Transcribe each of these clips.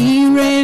He ran.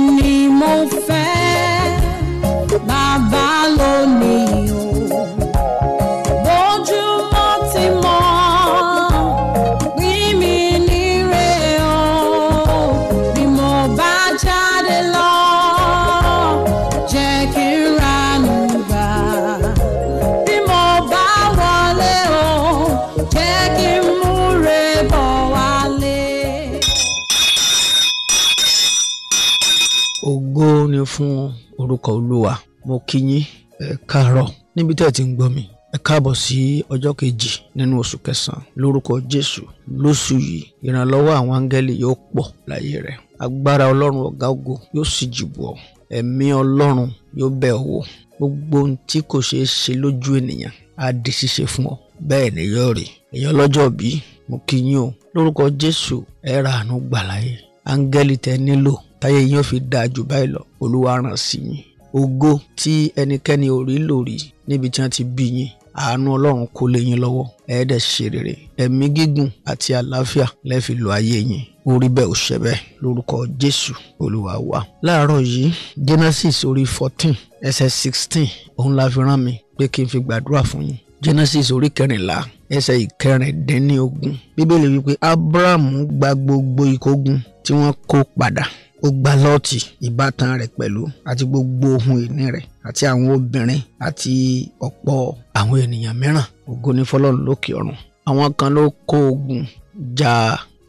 fún orúkọ olúwa mo kí yín ẹ káàárọ̀ níbi tẹ́ ẹ ti ń gbọ́ mi ẹ káàbọ̀ sí ọjọ́ kejì nínú oṣù kẹsàn-án lórúkọ jésù lóṣù yìí ìrànlọ́wọ́ àwọn áńgẹ́lì yóò pọ̀ láyé rẹ agbára ọlọ́run ọ̀gá ògo yóò sì jìbù ọ ẹ̀mí ọlọ́run yóò bẹ̀ ọ́ wò gbogbo ohun tí kò ṣeé ṣe lójú ènìyàn á di ṣíṣe fún ọ bẹ́ẹ̀ ni yóò rí èyàn lọ́jọ́ bí mo kí yín o lórúkọ jésù ẹ ra gbà láyé áńgẹ́lì tẹ́ nílò táyé yín ó fi dáa jù báyìí lọ olúwa ràn sí yín ògo tí ẹnikẹ́ni ò rí lórí níbi tí wọ́n ti bí yín àánú ọlọ́run kó lé yín lọ́wọ́ ẹ̀ẹ́dẹ̀ ṣe rere ẹ̀mí gígùn àti àlàáfíà lẹ́ẹ̀fi lo ayé yín orí bẹ́ẹ̀ ò ṣe lórúkọ jésù olúwa wa. láàárọ̀ yìí genesis orí fourteen ẹsẹ̀ sixteen òun la fi rán mi pé kí n fi gbàdúrà fún yín genesis orí kẹrìnlá ẹsẹ̀ ìkẹrìndínlógún bíbélì wípé abrahamu gba gbogbo ìkógun tí wọ́n kó padà ó gba lọ́ọ̀tì ìbátan rẹ̀ pẹ̀lú àti gbogbo ohun ìní rẹ̀ àti àwọn obìnrin àti ọ̀pọ̀ àwọn ènìyàn mìíràn ògo ní fọlọ́run lókè ọ̀run àwọn kan ló kó ogun ja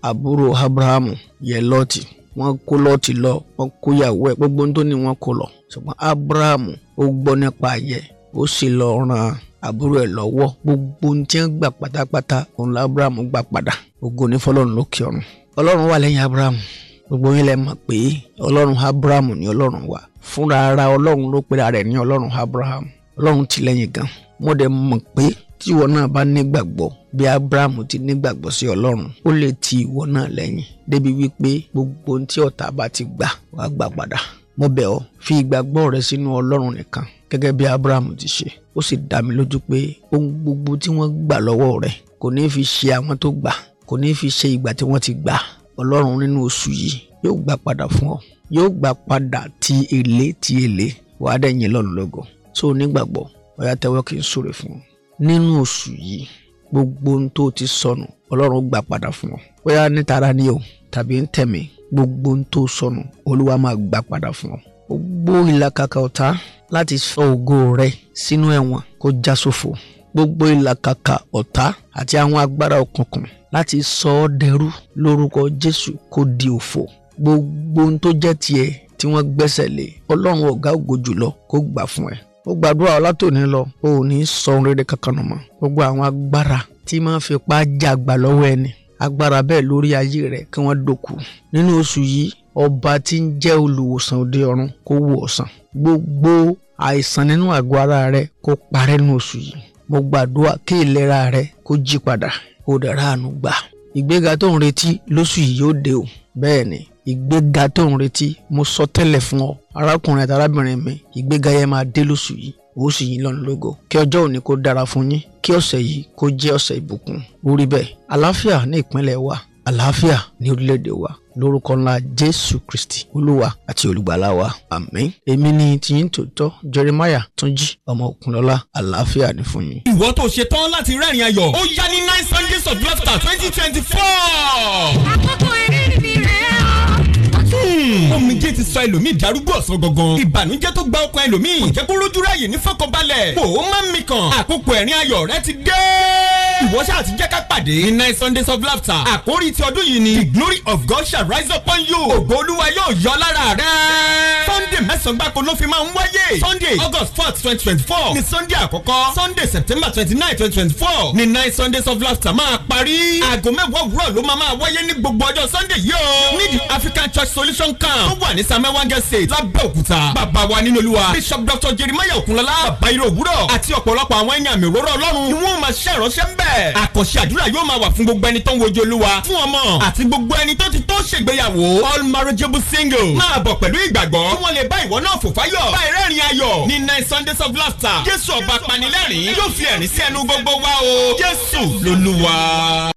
àbúrò abrahamu yẹ lọ́ọ̀tì wọ́n kó lọ́ọ̀tì lọ wọ́n kó yàwó ẹ̀ gbogbo ohun tó ní wọ́n kó lọ ṣùgbọ́n abrahamu ó gbọ́ nípa ayẹ ó sì lọ ran àbúrò ẹ̀ lọ́wọ́ gbogbo ohun tí wọ́n gbà pátápátá òun la gbà padà ògo ní fọlọ́run lókè ọ̀run ọlọ́run wà lẹ́yìn abrahamu gbogbo yín lẹ mọ̀ pé ọlọ́run abrahamu ni ọlọ́run wa fúnra ara ọlọ́run ló pera rẹ̀ ní ọlọ́run abrahamu ọlọ́run ti lẹ́yìn gan mo dẹ̀ mọ̀ pé tí ìwọ náà bá nígbàgbọ́ bí abrahamu ti nígbàgbọ́ sí ọlọ́run ó lè ti ìwọ náà lẹ́yìn débi wípé gbogbo ohun tí ọ̀tá bá ti gbà wá gbà padà mo bẹ̀ ọ́ fi ìgbàgbọ́ rẹ sínú ọlọ́run nìkan gẹ́gẹ́ bí abrahamu ti ṣe ó sì dá mi lójú pé ohun gbogbo tí wọ́n gbà lọ́wọ́ rẹ kò ní fi ṣe àwọn tó gbà kò ní fi ṣe ìgbà tí wọ́n ti gbà ọlọ́run nínú oṣù yìí yóò gbà padà fún ọ yóò gbà padà ti èlé ti èlé wàá dẹ̀yìn lọ́nà lọ́gọ̀ tó o nígbàgbọ́ ọ̀yà tẹ́wọ́ kì í súre fún ọ nínú oṣù yìí gbogbo ohun tó ti sọnù ọlọ́run gbà padà fún ọ bóyá nítara ni o tàbí ń tẹ̀mí gbogbo ohun tó sọnù olúwa máa gbà padà fún ọ gbogbo ìlàkàkà ọ̀tá láti sọ ògo rẹ sínú ẹ̀wọ̀n kó já sófo gbogbo ìlàkàkà ọ̀tá àti àwọn agbára òkùnkùn láti sọ ọ́ dẹrú lórúkọ Jésù kó di òfò gbogbo ohun tó jẹ́ tiẹ̀ tí wọ́n gbẹ́sẹ̀ lé ọlọ́run ọ̀gá ògo jùlọ kó gbà fún ẹ ó gbàdúrà ọlátòní lọ o ò ní sọ ohun rere kankan nù mọ́ gbogbo àwọn agbára tí máa fi pa jàgbà lọ́wọ́ ẹni agbára bẹ́ẹ̀ lórí ayé rẹ̀ kí wọ́n dòkú nínú oṣù yìí ọba tí ń jẹ́ olùwòsàn òde ọ̀run kó wò ọ̀sán gbogbo àìsàn nínú àgọ́ ara rẹ kó parẹ́ nínú oṣù yìí mo gbàdúrà kí ìlera rẹ kó jí padà kó dára àánú gbà ìgbéga tó ń retí lóṣù yìí yóò dé o bẹ́ẹ̀ ni ìgbéga tó ń retí mo sọ tẹ́lẹ̀ fún ọ arákùnrin àti arábìnrin mi ìgbéga yẹn máa dé lóṣù yìí oṣù yìí lọ́nà lógo kí ọjọ́ òní kó dára fún yín kí ọ̀sẹ̀ yìí kó jẹ́ ọ̀sẹ̀ ìbùkún orí bẹ́ẹ̀ àlàáfíà ní ìpínlẹ̀ wa àlàáfíà ní orílẹ̀-èdè wa lórúkọ ńlá jésù kristi olúwa àti olùgbàlà wa àmín èmi ni tiyín tòótọ́ jeremiah túnjí ọmọ òkunlọ́lá àlàáfíà ni fún yín. ìwọ tó ṣe tán láti rẹ́rìn ayọ̀ ó yá ní nine sundays of laughter twenty twenty four. àkókò ìrírí mi rẹ̀ omijé ti sọ ẹlòmíì darúgbó ọ̀sán gangan ìbànújẹ́ tó gba ọkàn ẹlòmíì kò jẹ́ kó rójú ráyè ní fọkànbalẹ̀ kò ó má mikàn àkókò ẹ̀rín ayọ̀ rẹ ti dé ìwọ ṣáà ti jẹ́ ká pàdé. in nine sundays of laughter. àkórí ti ọdún yìí ni. the glory of God shall rise upon you. ògo olúwa yóò yọ lára rẹ. sunday mẹ́sàn-án gbáko ló fi máa ń wáyé. sunday august fourth twenty twenty four ni sunday àkọ́kọ́. sunday september twenty nine twenty twenty four ni nine sundays of laughter máa parí. aago mẹ́wàá òwúrọ̀ ló máa máa wáyé ní gbogbo ọjọ́ sunday yìí o. ní the african church solution camp tó wà ní samawange state lábẹ́òkúta. bàbá wa nínú olúwa bishop dr jeremiah okunlọ́lá bàbá irè òwúrọ̀ àti ọ̀pọ̀lọpọ̀ àwọn ẹ̀yàn àmì òróró ọlọ́run ni wọ́n máa ṣèrànṣẹ́ ń bẹ̀ bẹ́ẹ̀ àkànṣe àdúrà yóò máa wà fún gbogbo ẹni tó ń wojú olúwa fún ọmọ àti gbogbo ẹni tó ti tó ṣègbéyàwó all marriageable single máa bọ̀ pẹ̀lú ìgbàgbọ́ kí wọ́n lè bá ìwọ náà fò fáyọ̀ bá ẹrẹ́rìn ayọ̀ ní nine sundays of laughter jésù ọba panilẹ́rìn yóò fi ẹ̀rín sí ẹnu gbogbo wa o jésù lolúwa.